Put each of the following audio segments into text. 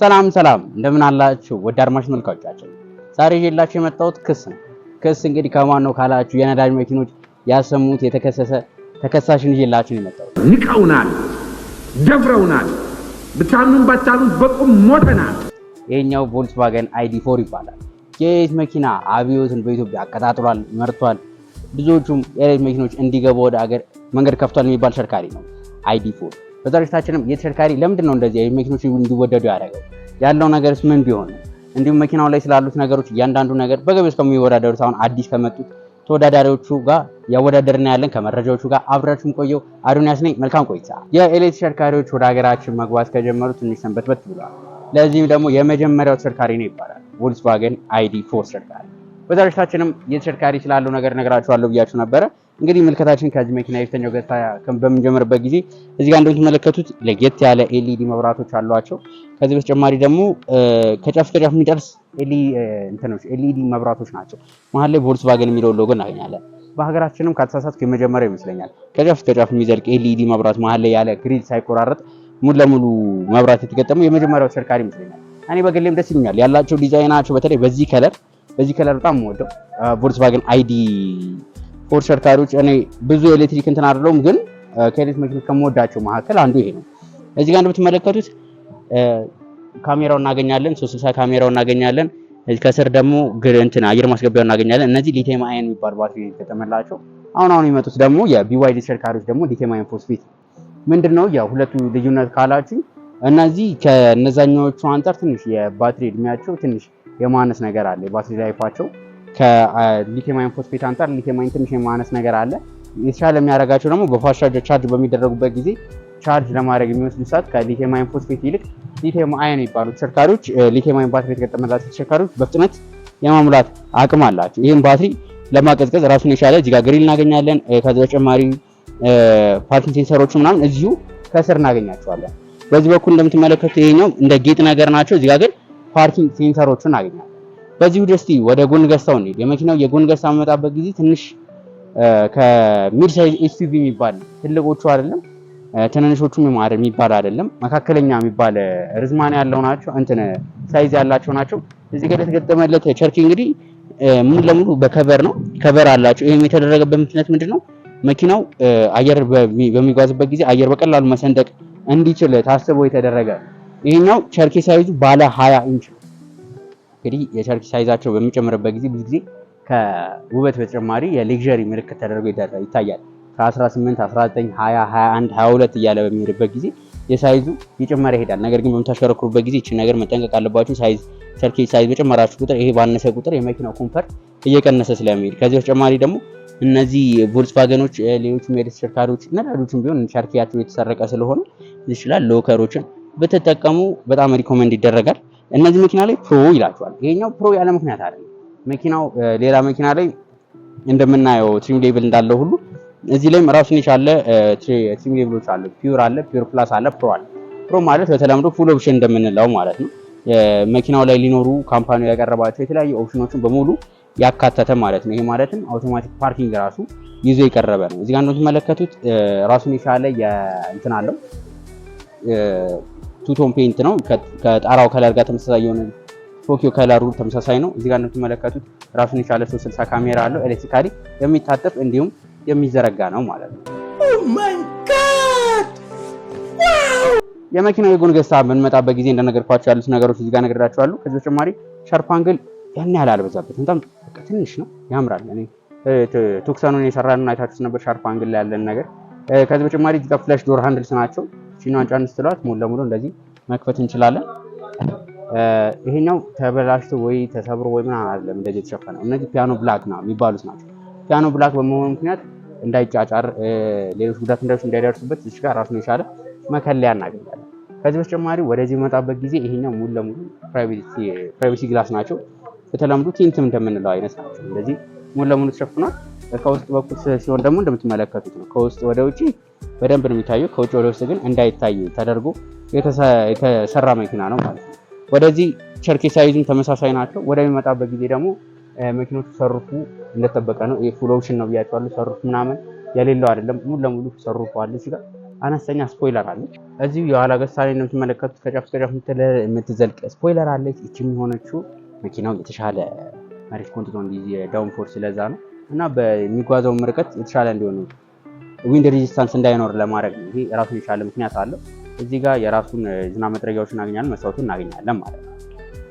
ሰላም ሰላም እንደምን አላችሁ ወደ አድማጭ መልካቻችን። ዛሬ ይዤላችሁ የመጣሁት ክስ ነው። ክስ እንግዲህ ከማን ነው ካላችሁ የነዳጅ መኪኖች ያሰሙት የተከሰሰ ተከሳሽን ይዤላችሁ ነው የመጣሁት። ንቀውናል፣ ደፍረውናል፣ ብታምኑም ባታምኑም በቁም ሞተናል። ይሄኛው ቮልክስቫገን አይዲ ፎር ይባላል። የኤሌት መኪና አብዮትን በኢትዮጵያ አቀጣጥሏል፣ መርቷል። ብዙዎቹም የኤሌት መኪኖች እንዲገቡ ወደ አገር መንገድ ከፍቷል የሚባል ሸርካሪ ነው አይዲ ፎር በታሪክታችንም የተሽከርካሪ ለምንድን ነው እንደዚህ መኪኖች እንዲወደዱ ያደረገው ያለው ነገርስ ምን ቢሆን እንዲሁም መኪናው ላይ ስላሉት ነገሮች እያንዳንዱ ነገር በገበያ ውስጥ ከሚወዳደሩት አሁን አዲስ ከመጡት ተወዳዳሪዎቹ ጋር ያወዳደርና ያለን ከመረጃዎቹ ጋር አብራችሁም ቆየው። አዶንያስ ነኝ። መልካም ቆይታ። የኤሌክትሪክ ተሽከርካሪዎች ወደ ሀገራችን መግባት ከጀመሩ ትንሽ ሰንበትበት ብሏል። ለዚህም ደግሞ የመጀመሪያው ተሽከርካሪ ነው ይባላል። ቮልክስዋገን አይዲ ፎር ተሽከርካሪ በታሪካችንም የተሽከርካሪ ስላለው ነገር ነግራችኋለሁ ብያችሁ ነበረ። እንግዲህ ምልከታችን ከዚህ መኪና የፊተኛው ገጽታ በምንጀምርበት ጊዜ እዚህ ጋር እንደምትመለከቱት ለየት ያለ ኤልኢዲ መብራቶች አሏቸው። ከዚህ በተጨማሪ ደግሞ ከጫፍ ከጫፍ የሚጨርስ ኤልኢዲ መብራቶች ናቸው። መሀል ላይ ቮልስቫገን የሚለውን ሎጎ እናገኛለን። በሀገራችንም ከተሳሳትኩ የመጀመሪያው ይመስለኛል። ከጫፍ ጫፍ የሚዘልቅ ኤልኢዲ መብራት መሀል ላይ ያለ ግሪድ ሳይቆራረጥ ሙሉ ለሙሉ መብራት የተገጠመው የመጀመሪያው ተሽከርካሪ ይመስለኛል። እኔ በግሌም ደስ ይለኛል ያላቸው ዲዛይናቸው፣ በተለይ በዚህ ከለር በዚህ ከለር በጣም ወደው ቮልስቫገን አይዲ ፎር እኔ ብዙ ኤሌክትሪክ እንትን አይደለሁም፣ ግን ከኤሌክትሪክ መኪ ከምወዳቸው መካከል አንዱ ይሄ ነው። እዚህ ጋር እንደምትመለከቱት ካሜራው እናገኛለን፣ 360 ካሜራው እናገኛለን። ከስር ደግሞ እንትን አየር ማስገቢያው እናገኛለን። እነዚህ ሊቴም አይን የሚባል ባትሪ የተጠመላቸው አሁን አሁን የመጡት ደግሞ የቢዋይዲ ተሽከርካሪዎች ደግሞ ሊቲየም ፎስፌት ምንድን ነው ሁለቱ ልዩነት ካላችሁ እነዚህ ከነዛኛዎቹ አንጻር ትንሽ የባትሪ እድሜያቸው ትንሽ የማነስ ነገር አለ። የባትሪ ላይፋቸው ከሊቴማይን ፎስፌት አንጻር ሊቴማይን ትንሽ የማነስ ነገር አለ። የተሻለ የሚያደርጋቸው ደግሞ በፋስት ቻርጅ ቻርጅ በሚደረጉበት ጊዜ ቻርጅ ለማድረግ የሚወስድ ሰዓት ከሊቴማይን ፎስፌት ይልቅ ሊቴም አየን የሚባሉ ተሽከርካሪዎች ሊቴማይን ባትሪ የተገጠመላቸው ተሽከርካሪዎች በፍጥነት የማሙላት አቅም አላቸው። ይህም ባትሪ ለማቀዝቀዝ ራሱን የቻለ እዚጋ ግሪል እናገኛለን። ከዚ በተጨማሪ ፓርኪንግ ሴንሰሮች ምናምን እዚሁ ከስር እናገኛቸዋለን። በዚህ በኩል እንደምትመለከቱ ይሄኛው እንደ ጌጥ ነገር ናቸው። እዚጋ ግን ፓርኪንግ ሴንሰሮቹን እናገኛለን። በዚህ ቪዲዮ ወደ ጎን ገጽታው እንሂድ። የመኪናው የጎን ገጽታ መመጣበት ጊዜ ትንሽ ከሚድ ሳይዝ ኤስዩቪ የሚባል ትልቆቹ አይደለም ትንንሾቹም የማረ የሚባል አይደለም መካከለኛ የሚባል ርዝማን ያለው ናቸው፣ እንትን ሳይዝ ያላቸው ናቸው። እዚህ ጋር የተገጠመለት ቸርኪ እንግዲህ ሙሉ ለሙሉ በከቨር ነው፣ ከቨር አላቸው። ይሄም የተደረገበት ምክንያት ምንድነው? መኪናው አየር በሚጓዝበት ጊዜ አየር በቀላሉ መሰንጠቅ እንዲችል ታስቦ የተደረገ ይሄኛው ቸርኪ ሳይዙ ባለ 20 ኢንች እንግዲህ የቸርች ሳይዛቸው በሚጨምርበት ጊዜ ብዙ ጊዜ ከውበት በተጨማሪ የሌክዠሪ ምልክት ተደርጎ ይታያል። ከ18 19 20 21 22 እያለ በሚሄድበት ጊዜ የሳይዙ እየጨመረ ይሄዳል። ነገር ግን በምታሽከረክሩበት ጊዜ ይችን ነገር መጠንቀቅ አለባችሁ። ሳይዝ ቸርች ሳይዝ በጨመራችሁ ቁጥር ይሄ ባነሰ ቁጥር የመኪናው ኮምፈርት እየቀነሰ ስለሚሄድ ከዚህ በተጨማሪ ደግሞ እነዚህ ቮልስቫገኖች፣ ሌሎች ሜሪስ ተሽከርካሪዎች ነዳዶችን ቢሆን ቸርኪያቸው የተሰረቀ ስለሆነ ይችላል ሎከሮችን ብትጠቀሙ በጣም ሪኮመንድ ይደረጋል። እነዚህ መኪና ላይ ፕሮ ይላቸዋል። ይሄኛው ፕሮ ያለ ምክንያት አይደለም። መኪናው ሌላ መኪና ላይ እንደምናየው ትሪም ሌብል እንዳለው ሁሉ እዚህ ላይም ራሱን የቻለ ትሪም ሌብሎች አሉ። ፒውር አለ፣ ፒውር ፕላስ አለ፣ ፕሮ አለ። ፕሮ ማለት በተለምዶ ፉል ኦፕሽን እንደምንለው ማለት ነው። መኪናው ላይ ሊኖሩ ካምፓኒው ያቀረባቸው የተለያዩ ኦፕሽኖችን በሙሉ ያካተተ ማለት ነው። ይሄ ማለትም አውቶማቲክ ፓርኪንግ ራሱ ይዞ የቀረበ ነው። እዚህ ጋር እንደምትመለከቱት ራሱን የቻለ እንትን አለው ቱቶን ፔንት ነው። ከጣራው ከለር ጋር ተመሳሳይ የሆነ ቶኪዮ ከለሩ ተመሳሳይ ነው። እዚህ ጋር እንደምትመለከቱት ራሱን የቻለ 360 ካሜራ አለው። ኤሌክትሪካሊ የሚታጠፍ እንዲሁም የሚዘረጋ ነው ማለት ነው። oh የመኪናው የጎን ገጽታ በምንመጣበት ጊዜ እንደነገርኳቸው ያሉት ነገሮች እዚህ ጋር ነገርዳቸዋሉ። ከዚህ በተጨማሪ ሻርፕ ያን ያህል አልበዛበት በጣም ትንሽ ነው፣ ያምራል። እኔ ቱክሰኑን የሰራን አይታችሁት ነበር ሻርፓንግል ላይ ያለን ነገር። ከዚህ በተጨማሪ እዚህ ጋር ፍለሽ ዶር ሃንድልስ ናቸው። ፊኗን ጫን ስትሏት ሙሉ ለሙሉ እንደዚህ መክፈት እንችላለን። ይሄኛው ተበላሽቶ ወይ ተሰብሮ ወይ ምናምን አይደለም እንደዚህ የተሸፈነው። እነዚህ ፒያኖ ብላክ ነው የሚባሉት ናቸው። ፒያኖ ብላክ በመሆኑ ምክንያት እንዳይጫጫር፣ ሌሎች ጉዳት እንዳይደርሱበት እዚህ ጋር ራሱን የቻለ መከለያ እናገኛለን። ከዚህ በተጨማሪ ወደዚህ በመጣበት ጊዜ ይሄኛው ሙሉ ለሙሉ ፕራይቬሲ ግላስ ናቸው። በተለምዶ ቲንትም እንደምንለው አይነት ናቸው። እንደዚህ ሙሉ ለሙሉ ተሸፍኗል። ከውስጥ በኩል ሲሆን ደግሞ እንደምትመለከቱት ነው ከውስጥ ወደ ውጭ በደንብ ነው የሚታየው። ከውጭ ወደ ውስጥ ግን እንዳይታይ ተደርጎ የተሰራ መኪና ነው ማለት ነው። ወደዚህ ቸርኬ ሳይዙም ተመሳሳይ ናቸው። ወደሚመጣበት ጊዜ ደግሞ መኪኖቹ ሰሩፉ እንደተጠበቀ ነው። ፉል ኦፕሽን ነው ብያቸዋለሁ። ሰሩፍ ምናምን የሌለው አይደለም። ሙሉ ለሙሉ ሰሩፉ አለ። እዚህ ጋር አነስተኛ ስፖይለር አለች። እዚሁ የኋላ ገሳ ላይ እንደምትመለከቱት ከጫፍ እስከ ጫፍ የምትዘልቅ ስፖይለር አለች። ይች የሚሆነችው መኪናው የተሻለ መሬት ኮንትሮል ዳውን ፎርስ ስለዛ ነው እና በሚጓዘውም ርቀት የተሻለ እንዲሆን ነው ዊንድ ሬዚስታንስ እንዳይኖር ለማድረግ ነው። ይሄ የራሱን የቻለ ምክንያት አለው። እዚህ ጋር የራሱን ዝናብ መጥረጊያዎች እናገኛለን፣ መስታወቱን እናገኛለን ማለት ነው።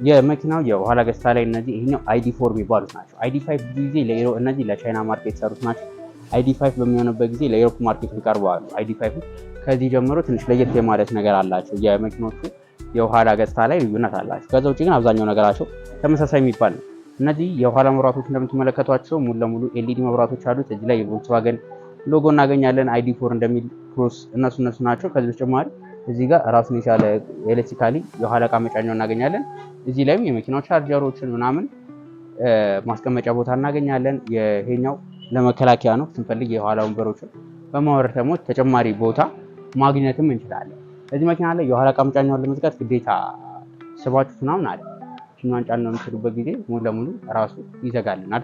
የመኪናው የኋላ ገጽታ ላይ እነዚህ ይሄኛው አይዲ ፎር የሚባሉት ናቸው። አይዲ ፋይቭ ብዙ ጊዜ እነዚህ ለቻይና ማርኬት የሰሩት ናቸው። አይዲ ፋይቭ በሚሆንበት ጊዜ ለኤሮፕ ማርኬት ይቀርበዋሉ። አይዲ ፋይቭ ከዚህ ጀምሮ ትንሽ ለየት የማለት ነገር አላቸው። የመኪኖቹ የኋላ ገጽታ ላይ ልዩነት አላቸው። ከዛ ውጭ ግን አብዛኛው ነገራቸው ተመሳሳይ የሚባል ነው። እነዚህ የኋላ መብራቶች እንደምትመለከቷቸው ሙሉ ለሙሉ ኤልኢዲ መብራቶች አሉት። እዚህ ላይ የቮልክስዋገን ሎጎ እናገኛለን። አይዲ ፎር እንደሚል ፕሮስ እነሱ እነሱ ናቸው። ከዚህ በተጨማሪ እዚህ ጋር ራሱን የቻለ ኤሌክትሪካሊ የኋላ እቃ መጫኛው እናገኛለን። እዚህ ላይም የመኪናው ቻርጀሮችን ምናምን ማስቀመጫ ቦታ እናገኛለን። ይሄኛው ለመከላከያ ነው፣ ስንፈልግ የኋላ ወንበሮችን በማወረድ ደግሞ ተጨማሪ ቦታ ማግኘትም እንችላለን። እዚህ መኪና ላይ የኋላ እቃ መጫኛውን ለመዝጋት ግዴታ ስባችሁ ምናምን አለ ጫን ነው የምትሉበት ጊዜ ሙሉ ለሙሉ ራሱ ይዘጋልናል።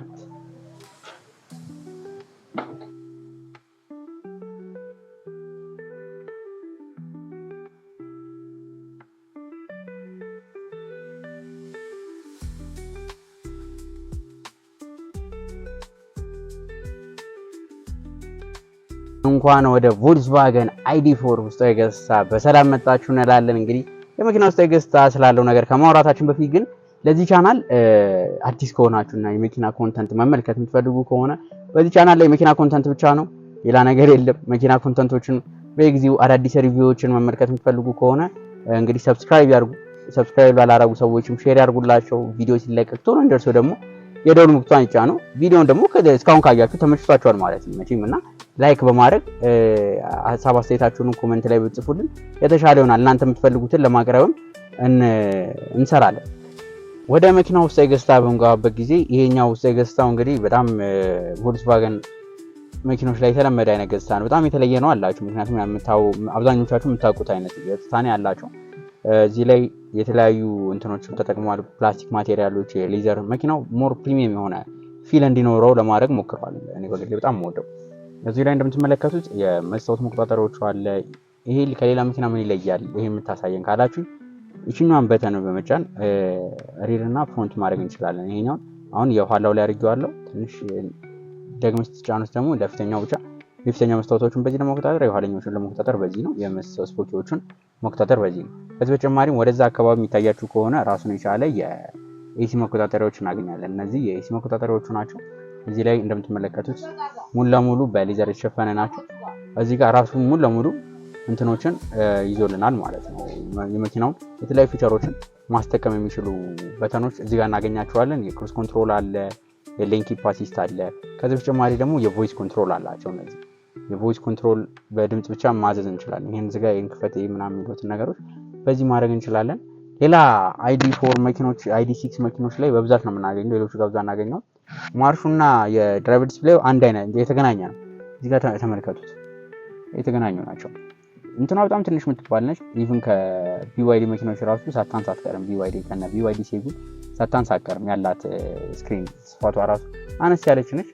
እንኳን ወደ ቮልስቫገን አይዲ ፎር ውስጣዊ ገጽታ በሰላም መጣችሁ እንላለን። እንግዲህ የመኪና ውስጣዊ ገጽታ ስላለው ነገር ከማውራታችን በፊት ግን ለዚህ ቻናል አዲስ ከሆናችሁና የመኪና ኮንተንት መመልከት የምትፈልጉ ከሆነ በዚህ ቻናል ላይ የመኪና ኮንተንት ብቻ ነው፣ ሌላ ነገር የለም። መኪና ኮንተንቶችን በየጊዜው አዳዲስ ሪቪዎችን መመልከት የምትፈልጉ ከሆነ እንግዲህ ሰብስክራይብ ያርጉ። ሰብስክራይብ ላላረጉ ሰዎችም ሼር ያርጉላቸው። ቪዲዮ ሲለቀቅ ቶሎ እንደርሰው ደግሞ የደወል ምልክቷን ይጫኑ። ቪዲዮን ደግሞ እስካሁን ካያችሁ ተመችቷቸዋል ማለት ነው መቼም እና ላይክ በማድረግ ሀሳብ አስተያየታችሁንም ኮመንት ላይ ብጽፉልን የተሻለ ይሆናል። እናንተ የምትፈልጉትን ለማቅረብም እንሰራለን። ወደ መኪና ውስጥ ገዝታ በንገባበት ጊዜ ይሄኛው ውስጥ ገጽታው እንግዲህ በጣም ቮልስቫገን መኪኖች ላይ የተለመደ አይነት ገጽታ ነው። በጣም የተለየ ነው አላቸው። ምክንያቱም አብዛኞቻችሁ የምታውቁት አይነት ገጽታ ነው ያላቸው። እዚህ ላይ የተለያዩ እንትኖች ተጠቅመዋል። ፕላስቲክ ማቴሪያሎች፣ ሌዘር መኪናው ሞር ፕሪሚየም የሆነ ፊል እንዲኖረው ለማድረግ ሞክረዋል። እኔ በግሌ በጣም ወደው እዚህ ላይ እንደምትመለከቱት የመስታወት መቆጣጠሪያዎቹ አለ። ይሄ ከሌላ መኪና ምን ይለያል ይሄ የምታሳየን ካላችሁ ይችኛዋን በተን በመጫን ሪር እና ፍሮንት ማድረግ እንችላለን። ይሄኛውን አሁን የኋላው ላይ አድርጌዋለሁ። ትንሽ ደግመ ስትጫኑት ደግሞ ለፊተኛው ብቻ የፊተኛ መስታወቶችን በዚህ ለመቆጣጠር የኋለኞቹን ለመቆጣጠር በዚህ ነው። የመስታወት ስፖኪዎቹን መቆጣጠር በዚህ ነው። ከዚህ በተጨማሪም ወደዛ አካባቢ የሚታያችሁ ከሆነ ራሱን የቻለ የኤሲ መቆጣጠሪያዎች እናገኛለን። እነዚህ የኤሲ መቆጣጠሪያዎቹ ናቸው። እዚህ ላይ እንደምትመለከቱት ሙሉ ለሙሉ በሌዘር የተሸፈነ ናቸው። እዚህ ጋር ራሱ ሙሉ ለሙሉ እንትኖችን ይዞልናል ማለት ነው። የመኪናውን የተለያዩ ፊቸሮችን ማስጠቀም የሚችሉ በተኖች እዚህ ጋር እናገኛቸዋለን። የክሩዝ ኮንትሮል አለ፣ የሌን ፓሲስት አሲስት አለ። ከዚህ በተጨማሪ ደግሞ የቮይስ ኮንትሮል አላቸው። እነዚህ የቮይስ ኮንትሮል በድምፅ ብቻ ማዘዝ እንችላለን። ይህን እዚህ ጋር ይህን ክፈት ምናምን የሚሉትን ነገሮች በዚህ ማድረግ እንችላለን። ሌላ አይዲ ፎር መኪኖች አይዲ ሲክስ መኪኖች ላይ በብዛት ነው የምናገኘው። ሌሎቹ ጋር ብዛት እናገኘው ማርሹና የድራይቨር ዲስፕሌዩ አንድ አይነት የተገናኘ ነው። እዚህ ጋር ተመልከቱት፣ የተገናኙ ናቸው። እንትኗ በጣም ትንሽ የምትባል ነች። ኢቭን ከቢዋይዲ መኪናዎች ራሱ ሳታንስ አትቀርም። ቢዋይዲ ከና ቢዋይዲ ሴጉ ሳታንስ አትቀርም። ያላት ስክሪን ስፋቷ ራሱ አነስ ያለች ነች።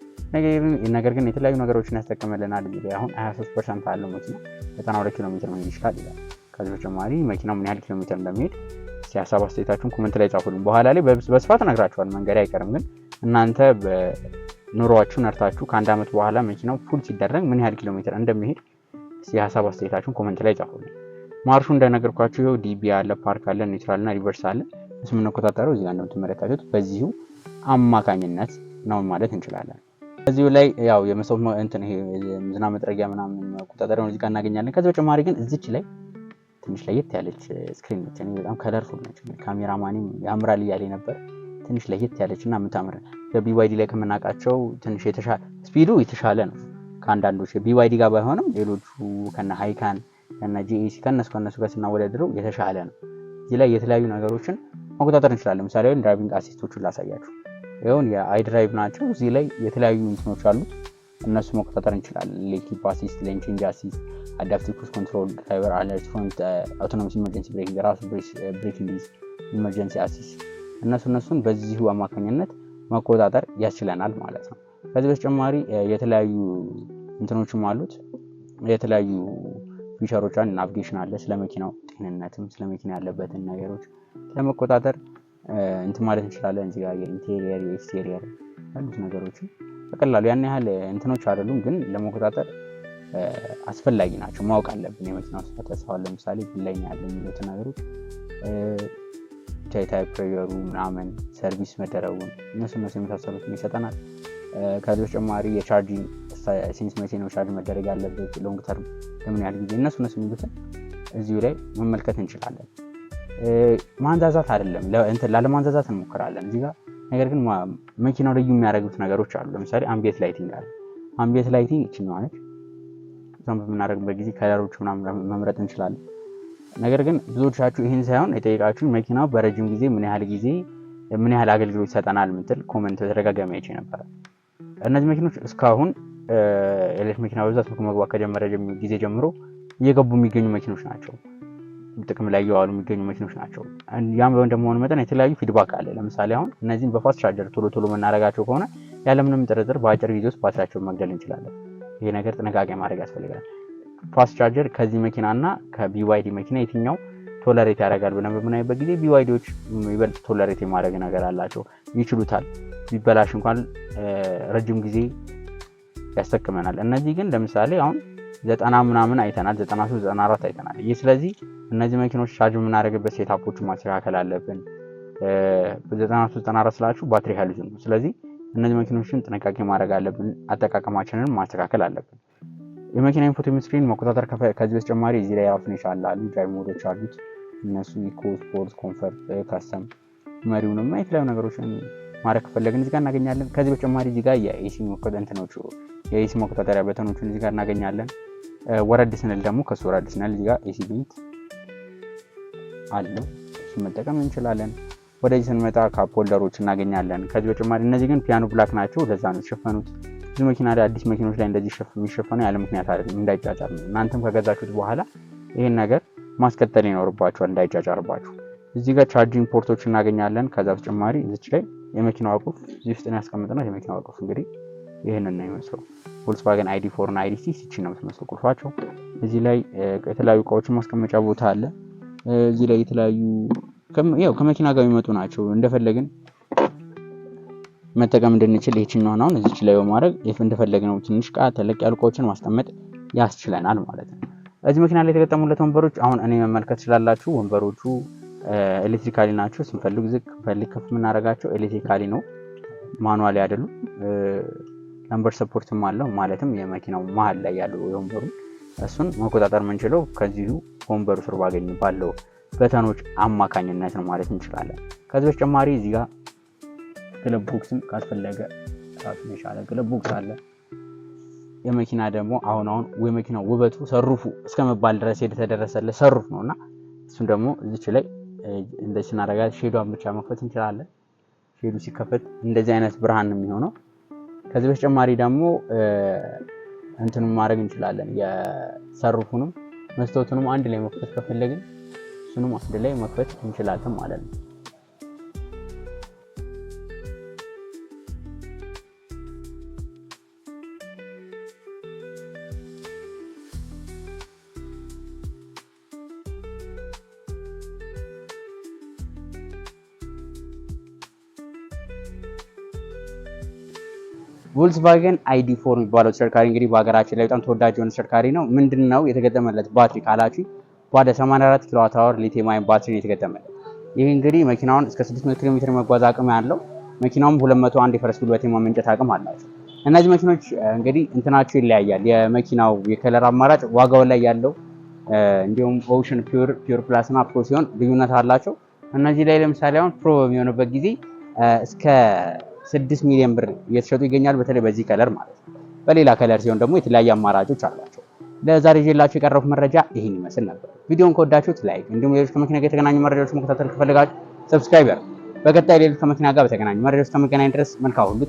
ነገር ግን የተለያዩ ነገሮችን ያስጠቀመልናል። ሚ አሁን 23 ፐርሰንት አለው መኪና 92 ኪሎ ሜትር መሄድ ይችላል ይላል። ከዚህ በተጨማሪ መኪናው ምን ያህል ኪሎ ሜትር እንደሚሄድ ሲያሳብ አስተያየታችሁን ኮመንት ላይ ጻፉልን። በኋላ ላይ በስፋት ነግራቸዋል መንገድ አይቀርም ግን እናንተ በኑሯችሁ ነርታችሁ ከአንድ ዓመት በኋላ መኪናው ፉል ሲደረግ ምን ያህል ኪሎ ሜትር እንደሚሄድ የሀሳብ አስተያየታችሁን ኮመንት ላይ ጻፉልኝ። ማርሹ እንደነገርኳችሁ ይኸው ዲቢ አለ፣ ፓርክ አለ፣ ኒውትራል እና ሪቨርስ አለ። እሱ የምንቆጣጠረው እዚጋ ጋር እንደምትመለከቱት በዚሁ አማካኝነት ነው ማለት እንችላለን። እዚሁ ላይ ያው የመሰው እንትን ዝና መጥረጊያ ምናምን መቆጣጠሪያውን እዚጋ እናገኛለን። ከዚህ በጨማሪ ግን እዚች ላይ ትንሽ ለየት ያለች ስክሪን ነች። በጣም ከለርፉል ነች። ካሜራማኒም ያምራል እያለ ነበር ትንሽ ለየት ያለች እና የምታምር በቢዋይዲ ላይ ከምናውቃቸው ትንሽ የተሻለ ስፒዱ የተሻለ ነው። ከአንዳንዶች ቢዋይዲ ጋር ባይሆንም ሌሎቹ ከነ ሃይካን ከነ ጂኤሲ ከነሱ ከነሱ ጋር ስናወዳድረው የተሻለ ነው። እዚህ ላይ የተለያዩ ነገሮችን መቆጣጠር እንችላለን። ምሳሌ ድራይቪንግ አሲስቶቹን ላሳያችሁ። ይሁን የአይድራይቭ ናቸው። እዚህ ላይ የተለያዩ እንትኖች አሉት። እነሱ መቆጣጠር እንችላለን። ሌኪፕ አሲስት፣ ሌን ቼንጅ አሲስት፣ አዳፕቲቭ ክሩዝ ኮንትሮል፣ ድራይቨር አለርት፣ አውቶኖሚስ ኢመርጀንሲ ብሬኪንግ፣ ራሱ ብሬኪንግ ኢመርጀንሲ አሲስት እነሱ እነሱን በዚሁ አማካኝነት መቆጣጠር ያስችለናል ማለት ነው። ከዚህ በተጨማሪ የተለያዩ እንትኖችም አሉት። የተለያዩ ፊቸሮች አሉ። ናቪጌሽን አለ። ስለ መኪናው ጤንነትም ስለ መኪና ያለበትን ነገሮች ለመቆጣጠር እንት ማለት እንችላለን። እዚህ ጋር የኢንቴሪየር የኤክስቴሪየር ያሉት ነገሮችም በቀላሉ ያን ያህል እንትኖች አይደሉም፣ ግን ለመቆጣጠር አስፈላጊ ናቸው። ማወቅ አለብን የመኪናው ተሳዋል ለምሳሌ ላይ ያለ የሚሉትን ነገሮች ቻይታይ ፕሬየሩ ምናምን ሰርቪስ መደረጉን እነሱ እነሱ የመሳሰሉት ይሰጠናል። ከዚህ ተጨማሪ የቻርጂንግ ሴንስ መቼ ነው ቻርጅ መደረግ ያለበት፣ ሎንግ ተርም ለምን ያህል ጊዜ፣ እነሱ እነሱ የሚሉትን እዚሁ ላይ መመልከት እንችላለን። ማንዛዛት አይደለም ላለማንዛዛት እንሞክራለን እዚጋ ነገር ግን መኪናው ልዩ የሚያደረጉት ነገሮች አሉ። ለምሳሌ አምቢየት ላይቲንግ አለ። አምቢየት ላይቲንግ ይችኛዋለች። እሷን በምናደረግበት ጊዜ ከለሮች ምናምን መምረጥ እንችላለን። ነገር ግን ብዙዎቻችሁ ይህን ሳይሆን የጠየቃችሁ መኪናው በረጅም ጊዜ ምን ያህል ጊዜ ምን ያህል አገልግሎት ይሰጠናል የምትል ኮመንት በተደጋጋሚ አይቼ ነበረ። እነዚህ መኪኖች እስካሁን የሌት መኪና በብዛት ምክ መግባት ከጀመረ ጊዜ ጀምሮ እየገቡ የሚገኙ መኪኖች ናቸው። ጥቅም ላይ እየዋሉ የሚገኙ መኪኖች ናቸው። ያም እንደመሆኑ መጠን የተለያዩ ፊድባክ አለ። ለምሳሌ አሁን እነዚህን በፋስት ቻርጀር ቶሎ ቶሎ መናረጋቸው ከሆነ ያለምንም ጥርጥር በአጭር ጊዜ ውስጥ ባትሪያቸውን መግደል እንችላለን። ይህ ነገር ጥንቃቄ ማድረግ ያስፈልጋል። ፋስት ቻርጀር ከዚህ መኪና እና ከቢዋይዲ መኪና የትኛው ቶለሬት ያደርጋል ብለን በምናይበት ጊዜ ቢዋይዲዎች ይበልጥ ቶለሬት የማድረግ ነገር አላቸው፣ ይችሉታል። ቢበላሽ እንኳን ረጅም ጊዜ ያስጠቅመናል። እነዚህ ግን ለምሳሌ አሁን ዘጠና ምናምን አይተናል፣ ዘጠና ሶስት ዘጠና አራት አይተናል። ይህ ስለዚህ እነዚህ መኪኖች ቻርጅ የምናደርግበት ሴታፖች ማስተካከል አለብን። ዘጠና ሶስት ዘጠና አራት ስላችሁ ባትሪ ሀይሉ ነው። ስለዚህ እነዚህ መኪኖችን ጥንቃቄ ማድረግ አለብን፣ አጠቃቀማችንን ማስተካከል አለብን። የመኪና ኢንፎቴመንት ስክሪን መቆጣጠር ከዚህ በተጨማሪ እዚህ ላይ ራሱን የቻለ አሉ ድራይቭ ሞዶች አሉት። እነሱ ኢኮ፣ ስፖርት፣ ኮንፈርት፣ ካስተም መሪውን እና የተለያዩ ነገሮችን ማድረግ ከፈለግን እዚጋ እናገኛለን። ከዚህ በተጨማሪ እዚጋ የኤሲ መቆጠንትኖቹ የኤሲ መቆጣጠሪያ በተኖቹን እዚጋ እናገኛለን። ወረድ ስንል ደግሞ ከሱ ወረድ ስንል እዚጋ ኤሲ ቤት አለው እሱ መጠቀም እንችላለን። ወደዚህ ስንመጣ ካፕ ሆልደሮች እናገኛለን። ከዚህ በተጨማሪ እነዚህ ግን ፒያኖ ብላክ ናቸው፣ ለዛ ነው የተሸፈኑት። ብዙ መኪና ላይ አዲስ መኪኖች ላይ እንደዚህ የሚሸፈኑ ያለ ምክንያት አለ እንዳይጫጫር ነው። እናንተም ከገዛችሁት በኋላ ይህን ነገር ማስቀጠል ይኖርባችኋል፣ እንዳይጫጫርባችሁ። እዚህ ጋር ቻርጅንግ ፖርቶች እናገኛለን። ከዛ በተጨማሪ እዚች ላይ የመኪናዋ ቁልፍ እዚህ ውስጥ ነው ያስቀምጥነው። የመኪናዋ ቁልፍ እንግዲህ ይህንን ነው የሚመስለው። ቮልስቫገን አይዲ ፎር እና አይዲ ሲክስ ይቺን ነው የምትመስለው ቁልፋቸው። እዚህ ላይ የተለያዩ እቃዎችን ማስቀመጫ ቦታ አለ። እዚህ ላይ የተለያዩ ከመኪና ጋር የሚመጡ ናቸው እንደፈለግን መጠቀም እንድንችል ይህችኛዋን አሁን እዚች ላይ በማድረግ እንደፈለግነው ትንሽ ቃ ተለቅ ያሉ እቃዎችን ማስቀመጥ ያስችለናል ማለት ነው። እዚህ መኪና ላይ የተገጠሙለት ወንበሮች አሁን እኔ መመልከት ትችላላችሁ። ወንበሮቹ ኤሌክትሪካሊ ናቸው። ስንፈልግ ዝቅ ፈልግ ከፍ የምናደርጋቸው ኤሌክትሪካሊ ነው፣ ማኑዋሊ አይደሉም። ለምበር ሰፖርትም አለው ማለትም የመኪናው መሀል ላይ ያለው የወንበሩ እሱን መቆጣጠር የምንችለው ከዚሁ ወንበሩ ስር ባገኝ ባለው በተኖች አማካኝነት ነው ማለት እንችላለን። ከዚህ በተጨማሪ እዚህ ጋር ክለብ ቦክስም ካስፈለገ ራሱን የቻለ ክለብ ቦክስ አለ። የመኪና ደግሞ አሁን አሁን የመኪና ውበቱ ሰሩፉ እስከ መባል ድረስ የተደረሰለት ሰሩፍ ነው እና ደግሞ እዚች ላይ እንደዚህ ስናደርጋት ሼዷን ብቻ መክፈት እንችላለን። ሼዱ ሲከፈት እንደዚህ አይነት ብርሃን ነው የሚሆነው። ከዚህ በተጨማሪ ደግሞ እንትን ማድረግ እንችላለን። የሰሩፉንም መስታወቱንም አንድ ላይ መክፈት ከፈለግን እሱንም አንድ ላይ መክፈት እንችላለን ማለት ነው። ቮልስቫገን አይዲ ፎር የሚባለው ተሽከርካሪ እንግዲህ በሀገራችን ላይ በጣም ተወዳጅ የሆነ ተሽከርካሪ ነው። ምንድን ነው የተገጠመለት ባትሪ ካላችሁ ባለ 84 ኪሎዋት አወር ሊቲየም ባትሪ ነው የተገጠመለት። ይህ እንግዲህ መኪናውን እስከ 600 ኪሎ ሜትር መጓዝ አቅም ያለው መኪናውም 201 የፈረስ ጉልበት የማመንጨት አቅም አላቸው። እነዚህ መኪኖች እንግዲህ እንትናቸው ይለያያል። የመኪናው የከለር አማራጭ ዋጋው ላይ ያለው እንዲሁም ኦሽን ፒውር፣ ፒውር ፕላስ እና ፕሮ ሲሆን ልዩነት አላቸው። እነዚህ ላይ ለምሳሌ አሁን ፕሮ በሚሆንበት ጊዜ እስከ ስድስት ሚሊዮን ብር እየተሸጡ ይገኛሉ። በተለይ በዚህ ከለር ማለት ነው። በሌላ ከለር ሲሆን ደግሞ የተለያዩ አማራጮች አሏቸው። ለዛሬ ይዤላችሁ የቀረቡት መረጃ ይህን ይመስል ነበር። ቪዲዮን ከወዳችሁት ላይክ፣ እንዲሁም ሌሎች ከመኪና ጋር የተገናኙ መረጃዎች መከታተል ከፈለጋችሁ ሰብስክራይበር። በቀጣይ ሌሎች ከመኪና ጋር በተገናኙ መረጃዎች ከመገናኝ ድረስ መልካም ሁሉ